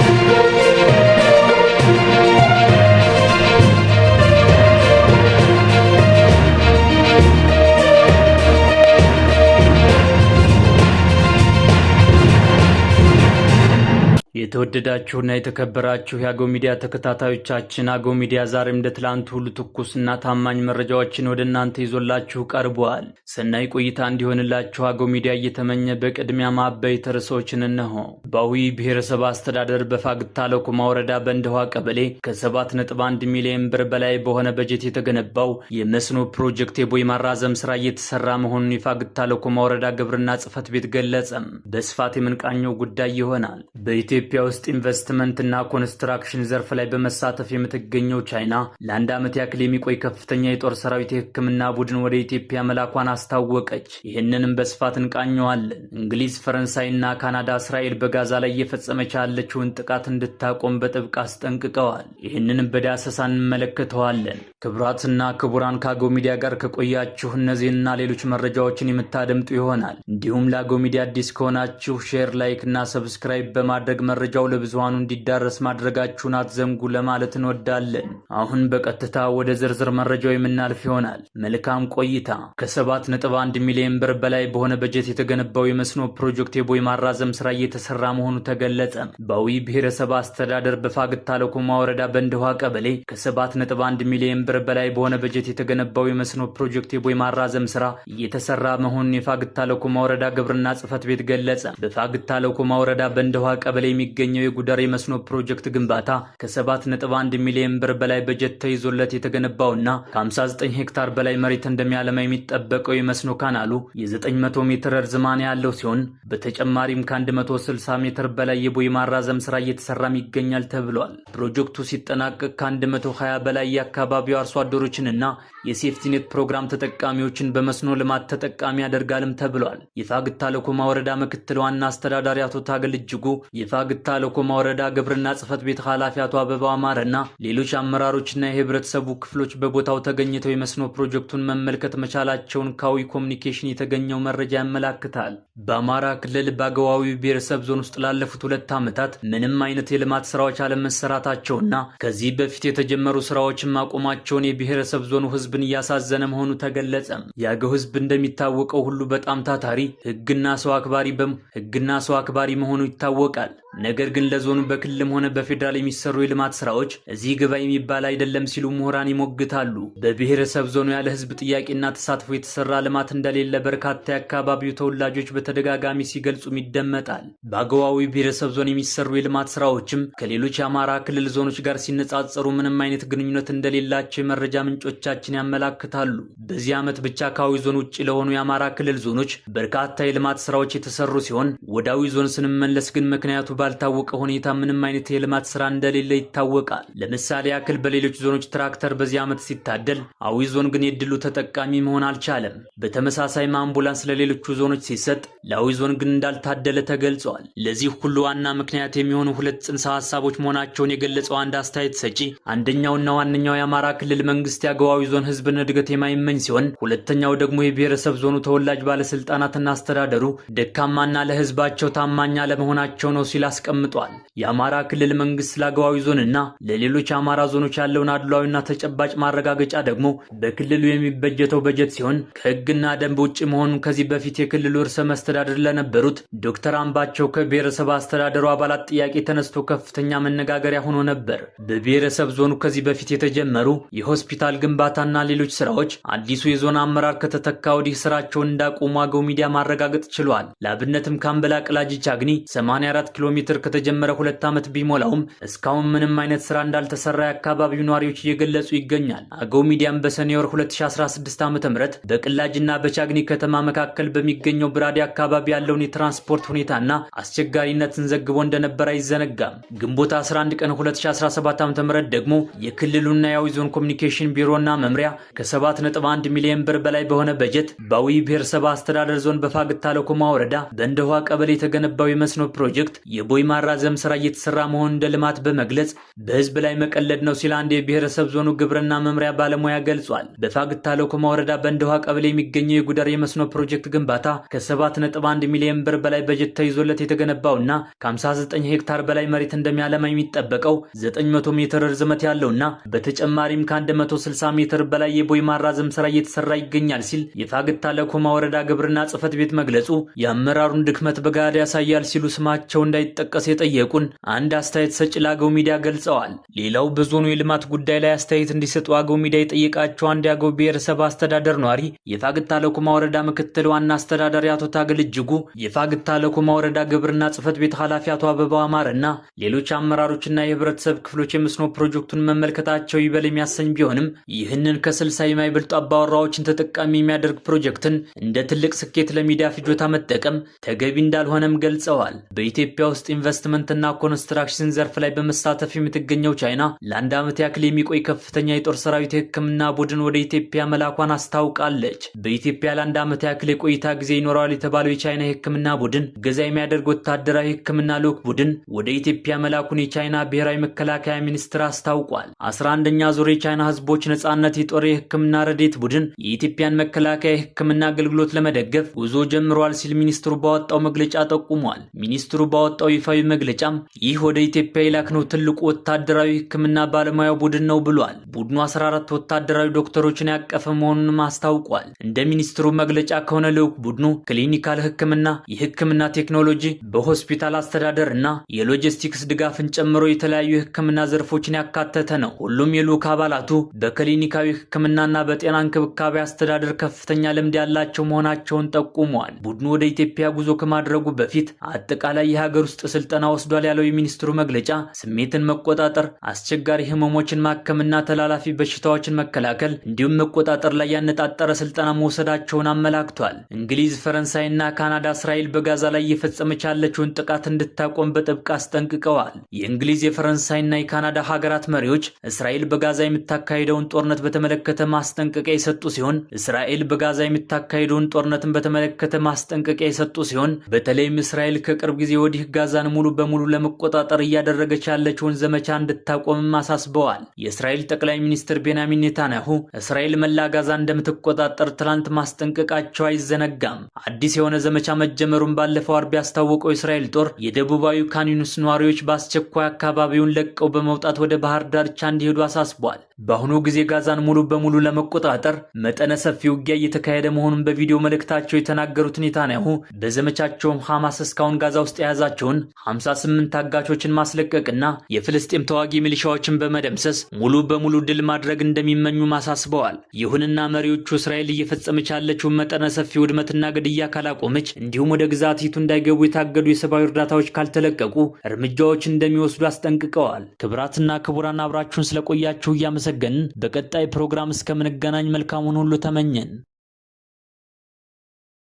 Música የተወደዳችሁና የተከበራችሁ የአገው ሚዲያ ተከታታዮቻችን አገው ሚዲያ ዛሬም እንደ ትላንት ሁሉ ትኩስና ታማኝ መረጃዎችን ወደ እናንተ ይዞላችሁ ቀርቧል። ሰናይ ቆይታ እንዲሆንላችሁ አገው ሚዲያ እየተመኘ በቅድሚያ ማበይ ርዕሶችን እነሆ። በአዊ ብሔረሰብ አስተዳደር በፋግታ ለኮማ ወረዳ በእንደዋ ቀበሌ ከ7.1 ሚሊዮን ብር በላይ በሆነ በጀት የተገነባው የመስኖ ፕሮጀክት የቦይ ማራዘም ስራ እየተሰራ መሆኑን የፋግታ ለኮማ ወረዳ ግብርና ጽህፈት ቤት ገለጸም። በስፋት የምንቃኘው ጉዳይ ይሆናል። በኢትዮጵያ በኢትዮጵያ ውስጥ ኢንቨስትመንት እና ኮንስትራክሽን ዘርፍ ላይ በመሳተፍ የምትገኘው ቻይና ለአንድ ዓመት ያክል የሚቆይ ከፍተኛ የጦር ሰራዊት የሕክምና ቡድን ወደ ኢትዮጵያ መላኳን አስታወቀች። ይህንንም በስፋት እንቃኘዋለን። እንግሊዝ፣ ፈረንሳይ እና ካናዳ እስራኤል በጋዛ ላይ እየፈጸመች ያለችውን ጥቃት እንድታቆም በጥብቅ አስጠንቅቀዋል። ይህንንም በዳሰሳ እንመለከተዋለን። ክቡራትና ክቡራን ከአጎ ሚዲያ ጋር ከቆያችሁ እነዚህና ሌሎች መረጃዎችን የምታደምጡ ይሆናል። እንዲሁም ለአጎ ሚዲያ አዲስ ከሆናችሁ ሼር፣ ላይክ እና ሰብስክራይብ በማድረግ መረጃ መረጃው ለብዙሃኑ እንዲዳረስ ማድረጋችሁን አትዘንጉ ለማለት እንወዳለን። አሁን በቀጥታ ወደ ዝርዝር መረጃው የምናልፍ ይሆናል። መልካም ቆይታ ከሰባት ነጥብ ከ7.1 ሚሊዮን ብር በላይ በሆነ በጀት የተገነባው የመስኖ ፕሮጀክት የቦይ ማራዘም ስራ እየተሰራ መሆኑ ተገለጸ። በአዊ ብሔረሰብ አስተዳደር በፋግታ ለኮማ ወረዳ በእንደዋ ቀበሌ ነጥብ አንድ ሚሊዮን ብር በላይ በሆነ በጀት የተገነባው የመስኖ ፕሮጀክት የቦይ ማራዘም ስራ እየተሰራ መሆኑን የፋግታ ለኮማ ወረዳ ግብርና ጽህፈት ቤት ገለጸ። በፋግታ ለኮማ ወረዳ በእንደዋ ቀበሌ የሚገኘው የጉዳር የመስኖ ፕሮጀክት ግንባታ ከ7.1 ሚሊዮን ብር በላይ በጀት ተይዞለት የተገነባውና ከ59 ሄክታር በላይ መሬት እንደሚያለማ የሚጠበቀው የመስኖ ካናሉ የ900 ሜትር እርዝማን ያለው ሲሆን በተጨማሪም ከ160 ሜትር በላይ የቦይ ማራዘም ስራ እየተሰራም ይገኛል ተብሏል። ፕሮጀክቱ ሲጠናቀቅ ከ120 በላይ የአካባቢው አርሶ አደሮችንና የሴፍቲኔት ፕሮግራም ተጠቃሚዎችን በመስኖ ልማት ተጠቃሚ ያደርጋልም ተብሏል። የፋግታ ለኮማ ወረዳ ምክትል ዋና አስተዳዳሪ አቶ ታገል እጅጉ የፋግታ የምታለኮማ ወረዳ ግብርና ጽፈት ቤት ኃላፊ አቶ አበባው አማረና ሌሎች አመራሮችና የህብረተሰቡ ክፍሎች በቦታው ተገኝተው የመስኖ ፕሮጀክቱን መመልከት መቻላቸውን ካዊ ኮሚኒኬሽን የተገኘው መረጃ ያመላክታል። በአማራ ክልል በአገዋዊ ብሔረሰብ ዞን ውስጥ ላለፉት ሁለት ዓመታት ምንም አይነት የልማት ስራዎች አለመሰራታቸውና ከዚህ በፊት የተጀመሩ ስራዎችን ማቆማቸውን የብሔረሰብ ዞኑ ህዝብን እያሳዘነ መሆኑ ተገለጸ። የአገው ህዝብ እንደሚታወቀው ሁሉ በጣም ታታሪ ህግና ሰው አክባሪ ህግና ሰው አክባሪ መሆኑ ይታወቃል። ነገር ግን ለዞኑ በክልልም ሆነ በፌዴራል የሚሰሩ የልማት ስራዎች እዚህ ግባ የሚባል አይደለም ሲሉ ምሁራን ይሞግታሉ። በብሔረሰብ ዞኑ ያለ ህዝብ ጥያቄና ተሳትፎ የተሰራ ልማት እንደሌለ በርካታ የአካባቢው ተወላጆች በተደጋጋሚ ሲገልጹም ይደመጣል። በአገዋዊ ብሔረሰብ ዞን የሚሰሩ የልማት ስራዎችም ከሌሎች የአማራ ክልል ዞኖች ጋር ሲነጻጸሩ ምንም አይነት ግንኙነት እንደሌላቸው የመረጃ ምንጮቻችን ያመላክታሉ። በዚህ ዓመት ብቻ ከአዊ ዞን ውጭ ለሆኑ የአማራ ክልል ዞኖች በርካታ የልማት ስራዎች የተሰሩ ሲሆን ወዳዊ ዞን ስንመለስ ግን ምክንያቱ ባልታ ባልታወቀ ሁኔታ ምንም አይነት የልማት ስራ እንደሌለ ይታወቃል። ለምሳሌ ያክል በሌሎች ዞኖች ትራክተር በዚህ ዓመት ሲታደል፣ አዊ ዞን ግን የድሉ ተጠቃሚ መሆን አልቻለም። በተመሳሳይ አምቡላንስ ለሌሎቹ ዞኖች ሲሰጥ፣ ለአዊ ዞን ግን እንዳልታደለ ተገልጿል። ለዚህ ሁሉ ዋና ምክንያት የሚሆኑ ሁለት ጽንሰ ሀሳቦች መሆናቸውን የገለጸው አንድ አስተያየት ሰጪ አንደኛውና ዋነኛው የአማራ ክልል መንግስት የአገዋዊ ዞን ህዝብን እድገት የማይመኝ ሲሆን፣ ሁለተኛው ደግሞ የብሔረሰብ ዞኑ ተወላጅ ባለስልጣናትና አስተዳደሩ ደካማና ለህዝባቸው ታማኝ አለመሆናቸው ነው ሲል አስቀምጧል። የአማራ ክልል መንግስት ለአገዋዊ ዞንና ለሌሎች የአማራ ዞኖች ያለውን አድሏዊና ተጨባጭ ማረጋገጫ ደግሞ በክልሉ የሚበጀተው በጀት ሲሆን ከህግና ደንብ ውጭ መሆኑን ከዚህ በፊት የክልሉ ርዕሰ መስተዳድር ለነበሩት ዶክተር አምባቸው ከብሔረሰብ አስተዳደሩ አባላት ጥያቄ ተነስቶ ከፍተኛ መነጋገሪያ ሆኖ ነበር። በብሔረሰብ ዞኑ ከዚህ በፊት የተጀመሩ የሆስፒታል ግንባታና ሌሎች ስራዎች አዲሱ የዞን አመራር ከተተካ ወዲህ ስራቸውን እንዳቆሙ አገው ሚዲያ ማረጋገጥ ችሏል። ለአብነትም ካምበላ ቅላጅ 84 ኪሎ ሜትር ችግር ከተጀመረ ሁለት ዓመት ቢሞላውም እስካሁን ምንም አይነት ስራ እንዳልተሰራ የአካባቢው ነዋሪዎች እየገለጹ ይገኛል። አገው ሚዲያም በሰኔ ወር 2016 ዓ ም በቅላጅና በቻግኒ ከተማ መካከል በሚገኘው ብራዴ አካባቢ ያለውን የትራንስፖርት ሁኔታና አስቸጋሪነትን ዘግቦ እንደነበር አይዘነጋም። ግንቦት 11 ቀን 2017 ዓ ም ደግሞ የክልሉና የአዊ ዞን ኮሚኒኬሽን ቢሮና መምሪያ ከ7.1 ሚሊዮን ብር በላይ በሆነ በጀት በአዊ ብሔረሰብ አስተዳደር ዞን በፋግታ ለኮማ ወረዳ ውሃ ቀበሌ የተገነባው የመስኖ ፕሮጀክት የቦይ የማራዘም ስራ እየተሰራ መሆኑን እንደ ልማት በመግለጽ በህዝብ ላይ መቀለድ ነው ሲል አንድ የብሔረሰብ ዞኑ ግብርና መምሪያ ባለሙያ ገልጿል። በፋግታ ለኮማ ወረዳ በእንደውሃ ቀበሌ የሚገኘው የጉደር የመስኖ ፕሮጀክት ግንባታ ከ7.1 ሚሊዮን ብር በላይ በጀት ተይዞለት የተገነባውና ከ59 ሄክታር በላይ መሬት እንደሚያለማ የሚጠበቀው 900 ሜትር ርዝመት ያለውና በተጨማሪም ከ160 ሜትር በላይ የቦይ ማራዘም ስራ እየተሰራ ይገኛል ሲል የፋግታ ለኮማ ወረዳ ግብርና ጽህፈት ቤት መግለጹ የአመራሩን ድክመት በጋድ ያሳያል ሲሉ ስማቸው እንዳይጠቀ እንዲጠቀስ የጠየቁን አንድ አስተያየት ሰጭ ለአገው ሚዲያ ገልጸዋል። ሌላው በዞኑ የልማት ጉዳይ ላይ አስተያየት እንዲሰጡ አገው ሚዲያ የጠየቃቸው አንድ የአገው ብሔረሰብ አስተዳደር ነዋሪ የፋግታ ለኮማ ወረዳ ምክትል ዋና አስተዳዳሪ አቶ ታገል እጅጉ፣ የፋግታ ለኮማ ወረዳ ግብርና ጽፈት ቤት ኃላፊ አቶ አበባው አማረና ሌሎች አመራሮችና የህብረተሰብ ክፍሎች የመስኖ ፕሮጀክቱን መመልከታቸው ይበል የሚያሰኝ ቢሆንም ይህንን ከስልሳ የማይበልጡ አባወራዎችን ተጠቃሚ የሚያደርግ ፕሮጀክትን እንደ ትልቅ ስኬት ለሚዲያ ፍጆታ መጠቀም ተገቢ እንዳልሆነም ገልጸዋል። በኢትዮጵያ ውስጥ ኢንቨስትመንትና ኮንስትራክሽን ዘርፍ ላይ በመሳተፍ የምትገኘው ቻይና ለአንድ ዓመት ያክል የሚቆይ ከፍተኛ የጦር ሰራዊት የሕክምና ቡድን ወደ ኢትዮጵያ መላኳን አስታውቃለች። በኢትዮጵያ ለአንድ ዓመት ያክል የቆይታ ጊዜ ይኖረዋል የተባለው የቻይና የሕክምና ቡድን ገዛ የሚያደርግ ወታደራዊ ሕክምና ልዑክ ቡድን ወደ ኢትዮጵያ መላኩን የቻይና ብሔራዊ መከላከያ ሚኒስቴር አስታውቋል። አስራ አንደኛ ዙር የቻይና ህዝቦች ነጻነት የጦር የሕክምና ረዴት ቡድን የኢትዮጵያን መከላከያ የሕክምና አገልግሎት ለመደገፍ ጉዞ ጀምሯል ሲል ሚኒስትሩ ባወጣው መግለጫ ጠቁሟል። ሚኒስትሩ ባወጣው ይፋ በይፋዊ መግለጫም ይህ ወደ ኢትዮጵያ የላክነው ትልቁ ወታደራዊ ሕክምና ባለሙያው ቡድን ነው ብሏል። ቡድኑ 14 ወታደራዊ ዶክተሮችን ያቀፈ መሆኑንም አስታውቋል። እንደ ሚኒስትሩ መግለጫ ከሆነ ልዑክ ቡድኑ ክሊኒካል ሕክምና፣ የሕክምና ቴክኖሎጂ፣ በሆስፒታል አስተዳደር እና የሎጂስቲክስ ድጋፍን ጨምሮ የተለያዩ የሕክምና ዘርፎችን ያካተተ ነው። ሁሉም የልዑክ አባላቱ በክሊኒካዊ ሕክምናና በጤና እንክብካቤ አስተዳደር ከፍተኛ ልምድ ያላቸው መሆናቸውን ጠቁመዋል። ቡድኑ ወደ ኢትዮጵያ ጉዞ ከማድረጉ በፊት አጠቃላይ የሀገር ውስጥ ስልት ስልጠና ወስዷል ያለው የሚኒስትሩ መግለጫ ስሜትን መቆጣጠር፣ አስቸጋሪ ህመሞችን ማከምና ተላላፊ በሽታዎችን መከላከል እንዲሁም መቆጣጠር ላይ ያነጣጠረ ስልጠና መውሰዳቸውን አመላክቷል። እንግሊዝ፣ ፈረንሳይና ካናዳ እስራኤል በጋዛ ላይ እየፈጸመች ያለችውን ጥቃት እንድታቆም በጥብቅ አስጠንቅቀዋል። የእንግሊዝ የፈረንሳይና የካናዳ ሀገራት መሪዎች እስራኤል በጋዛ የምታካሄደውን ጦርነት በተመለከተ ማስጠንቀቂያ የሰጡ ሲሆን እስራኤል በጋዛ የምታካሄደውን ጦርነትን በተመለከተ ማስጠንቀቂያ የሰጡ ሲሆን በተለይም እስራኤል ከቅርብ ጊዜ ወዲህ ጋዛን ሙሉ በሙሉ ለመቆጣጠር እያደረገች ያለችውን ዘመቻ እንድታቆምም አሳስበዋል። የእስራኤል ጠቅላይ ሚኒስትር ቤንያሚን ኔታንያሁ እስራኤል መላ ጋዛ እንደምትቆጣጠር ትላንት ማስጠንቀቃቸው አይዘነጋም። አዲስ የሆነ ዘመቻ መጀመሩን ባለፈው አርብ ያስታወቀው የእስራኤል ጦር የደቡባዊ ካን ዩኒስ ነዋሪዎች በአስቸኳይ አካባቢውን ለቀው በመውጣት ወደ ባህር ዳርቻ እንዲሄዱ አሳስቧል። በአሁኑ ጊዜ ጋዛን ሙሉ በሙሉ ለመቆጣጠር መጠነ ሰፊ ውጊያ እየተካሄደ መሆኑን በቪዲዮ መልእክታቸው የተናገሩት ኔታንያሁ በዘመቻቸውም ሐማስ እስካሁን ጋዛ ውስጥ የያዛቸውን 58 ታጋቾችን ማስለቀቅና የፍልስጤም ተዋጊ ሚሊሻዎችን በመደምሰስ ሙሉ በሙሉ ድል ማድረግ እንደሚመኙ አሳስበዋል። ይሁንና መሪዎቹ እስራኤል እየፈጸመች ያለችውን መጠነ ሰፊ ውድመትና ግድያ ካላቆመች፣ እንዲሁም ወደ ግዛቲቱ እንዳይገቡ የታገዱ የሰብአዊ እርዳታዎች ካልተለቀቁ እርምጃዎች እንደሚወስዱ አስጠንቅቀዋል። ክብራትና ክቡራን አብራችሁን ስለቆያችሁ እያመሰ እያመሰገንን በቀጣይ ፕሮግራም እስከምንገናኝ መልካሙን ሁሉ ተመኘን።